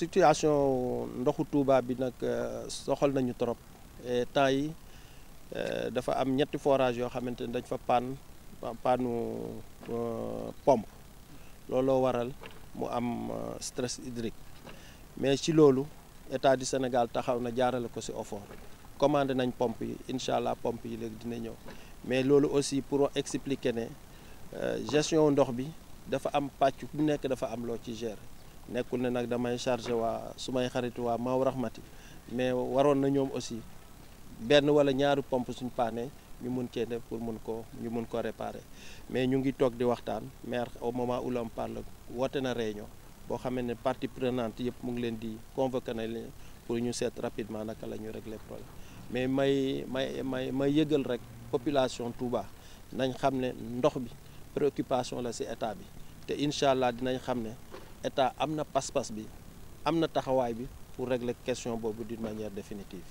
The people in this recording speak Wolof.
situation ndoxu Touba bi nag euh, soxal nañu trop temps yi euh, dafa am ñetti forage yoo xamante ni dañ fa panne pannu euh, pompe looloo waral mu am stress hydrique mais ci loolu état du Sénégal taxaw na jaarale ko ci OFOR commandé nañ pompe yi incha allah pompe yi léegi dina ñëw mais loolu aussi pour expliquer ne gestion ndox bi dafa am pàcc bu nekk dafa am loo ci gérer. nekkul ne nag damay chargé waa su may xarit waa maaw raxmati mais waroon na ñoom aussi benn wala ñaari pompe suñ paane ñu mun cee def pour mun ko ñu mun ko réparer mais ñu ngi toog di waxtaan maire au moment où l'on parle woote na réunion boo xamee ne partie prenante yëpp mu ngi leen di convoqué na leen pour ñu seet rapidement naka la ñu régler problème mais may may may may yëgal rek population Touba nañ xam ne ndox bi préoccupation la ci état bi te incha allah dinañ xam ne état am na pas bi am na taxawaay bi pour régler question boobu di d'une manière définitive